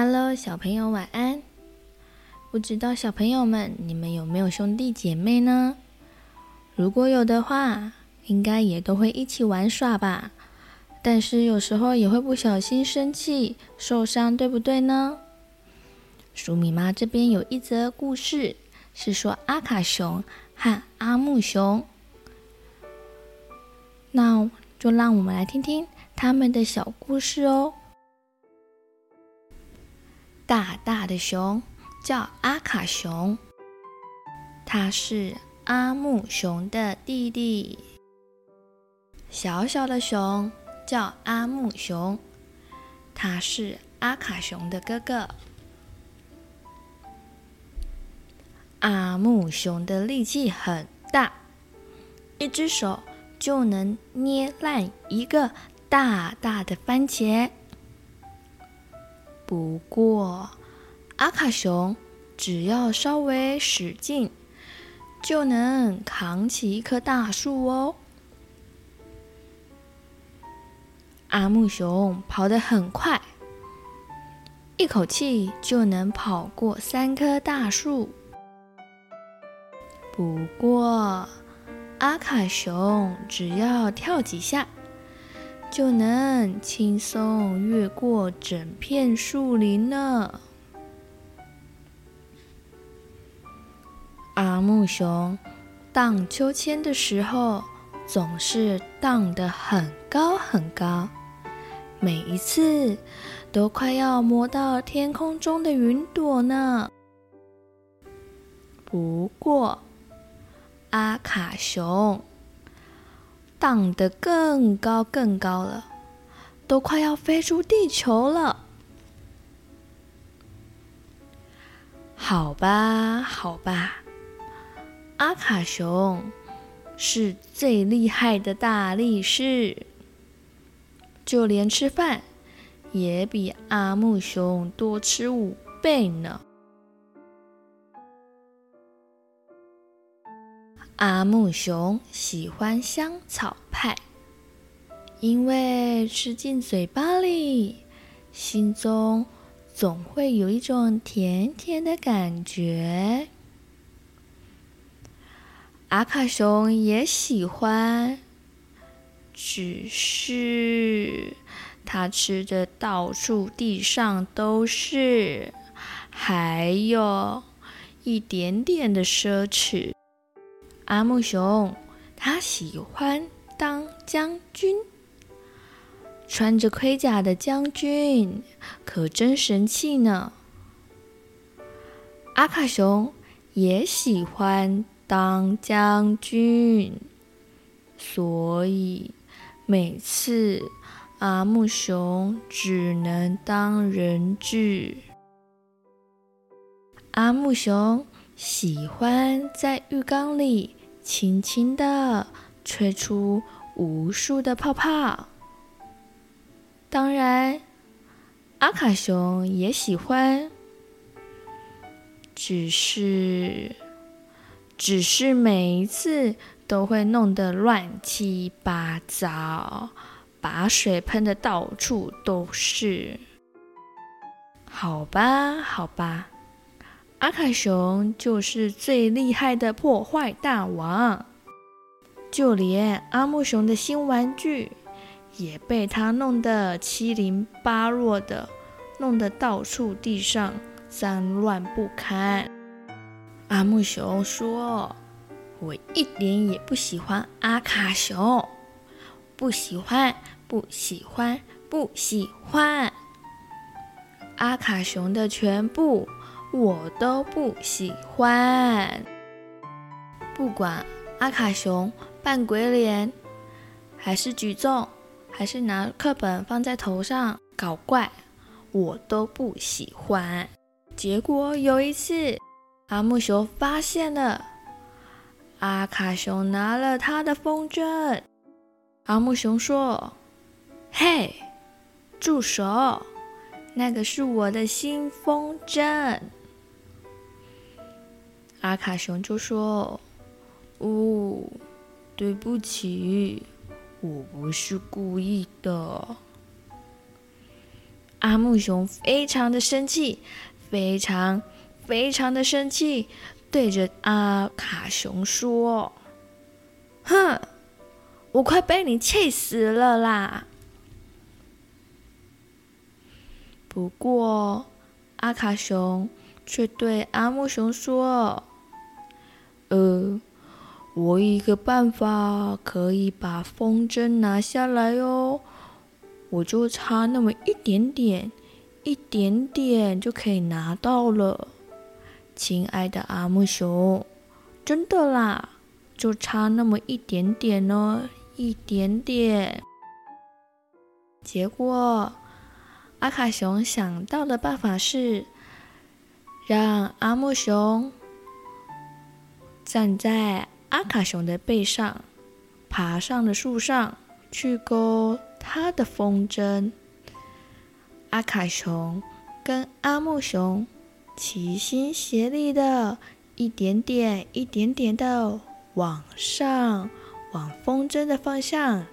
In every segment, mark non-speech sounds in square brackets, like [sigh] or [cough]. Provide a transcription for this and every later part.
Hello，小朋友晚安。不知道小朋友們你們有沒有兄弟姐妹呢？如果有的話，應該也都會一起玩耍吧。但是有時候也會不小心生氣、受傷，對不對呢？黍米媽這邊有一則故事，是說阿卡熊和阿木熊。那就讓我們來聽聽他們的小故事哦。大大的熊叫阿卡熊，它是阿木熊的弟弟。小小的熊叫阿木熊，它是阿卡熊的哥哥。阿木熊的力氣很大，一隻手就能捏爛一個大大的番茄。不過，阿卡熊只要稍微使勁，就能扛起一棵大樹哦。阿木熊跑得很快，一口氣就能跑過三棵大樹。不過，阿卡熊只要跳幾下。就能輕鬆越過整片樹林呢。阿木熊盪秋千的時候，總是盪得很高很高，每一次都快要摸到天空中的雲朵呢。不過，阿卡熊。蕩得更高更高了，都快要飛出地球了。好吧，好吧，阿卡熊是最厲害的大力士，就連吃飯也比阿木熊多吃五倍呢。阿木熊喜歡香草派，因為吃進嘴巴裡，心中總會有一種甜甜的感覺。阿卡熊也喜歡，只是他吃的到處地上都是，還有一點點的奢侈。阿木熊他喜歡當將軍，穿着盔甲的將軍可真神氣呢。阿卡熊也喜歡當將軍，所以每次阿木熊只能當人質。阿木熊喜歡在浴缸裡。輕輕的吹出無數的泡泡。當然，阿卡熊也喜歡，只是，只是每一次都會弄得亂七八糟，把水噴得到處都是。好吧，好吧。阿卡熊就是最厲害的破壞大王，就連阿木熊的新玩具也被他弄得七零八落的，弄得到處地上髒亂不堪。阿木熊說：“我一點也不喜歡阿卡熊，不喜歡，不喜歡，不喜歡阿卡熊的全部。”我都不喜歡，不管阿卡熊扮鬼臉，還是舉重，還是拿課本放在頭上搞怪，我都不喜歡。結果有一次，阿木熊發現了阿卡熊拿了他的風箏。阿木熊說：“嘿，住手！那個是我的新風箏。”阿卡熊就說：“哦，對不起，我不是故意的。”阿木熊非常的生氣，非常非常的生氣，對着阿卡熊說：“哼，我快被你氣死了啦！”不過，阿卡熊卻對阿木熊說，呃，我有一個辦法可以把風箏拿下來哦，我就差那麼一點點，一點點就可以拿到了。親愛的阿木熊，真的啦，就差那麼一點點哦，一點點。結果，阿卡熊想到的辦法是讓阿木熊。站在阿卡熊的背上，爬上了樹上去勾他的風箏。阿卡熊跟阿木熊齊心協力的，一點點、一點點的往上，往風箏的方向。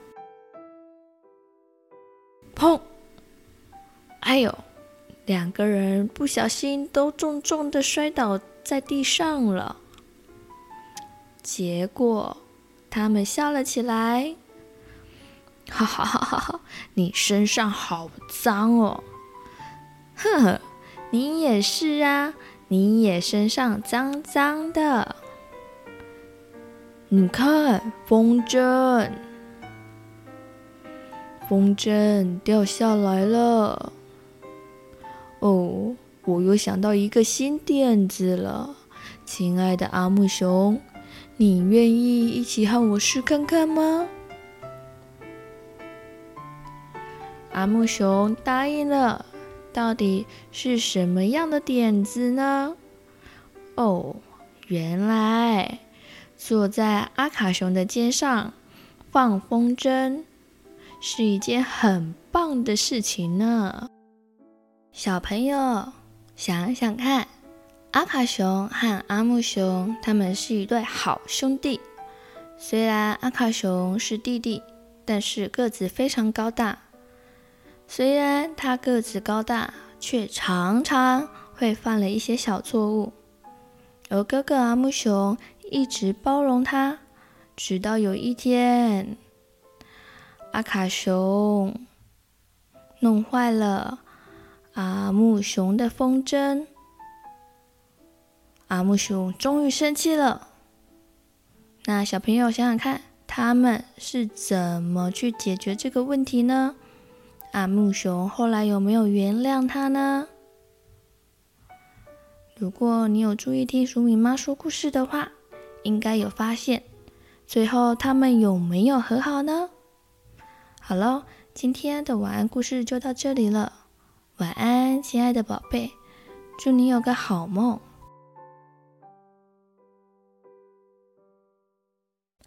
砰！哎呦，兩個人不小心都重重的摔倒在地上了。結果，他們笑了起來。哈哈哈哈哈！你身上好髒哦。哼， [laughs] 你也是啊，你也身上髒髒的。你看，風箏，風箏掉下來了。哦，我又想到一個新點子了，親愛的阿木熊。你願意一起和我試看看嗎？阿木熊答應了。到底是什麼樣的點子呢？哦，原來坐在阿卡熊的肩上放風箏是一件很棒的事情呢。小朋友，想想看。阿卡熊和阿木熊他們是一對好兄弟。雖然阿卡熊是弟弟，但是個子非常高大。雖然他個子高大，卻常常會犯了一些小錯誤。而哥哥阿木熊一直包容他，直到有一天，阿卡熊弄壞了阿木熊的風箏。阿木熊終於生氣了。那小朋友想想看，他們是怎麼去解決這個問題呢？阿木熊後來有沒有原諒他呢？如果你有注意聽黍米媽說故事的話，應該有發現。最後他們有沒有和好呢？好了，今天的晚安故事就到這裡了。晚安，親愛的寶貝，祝你有個好夢。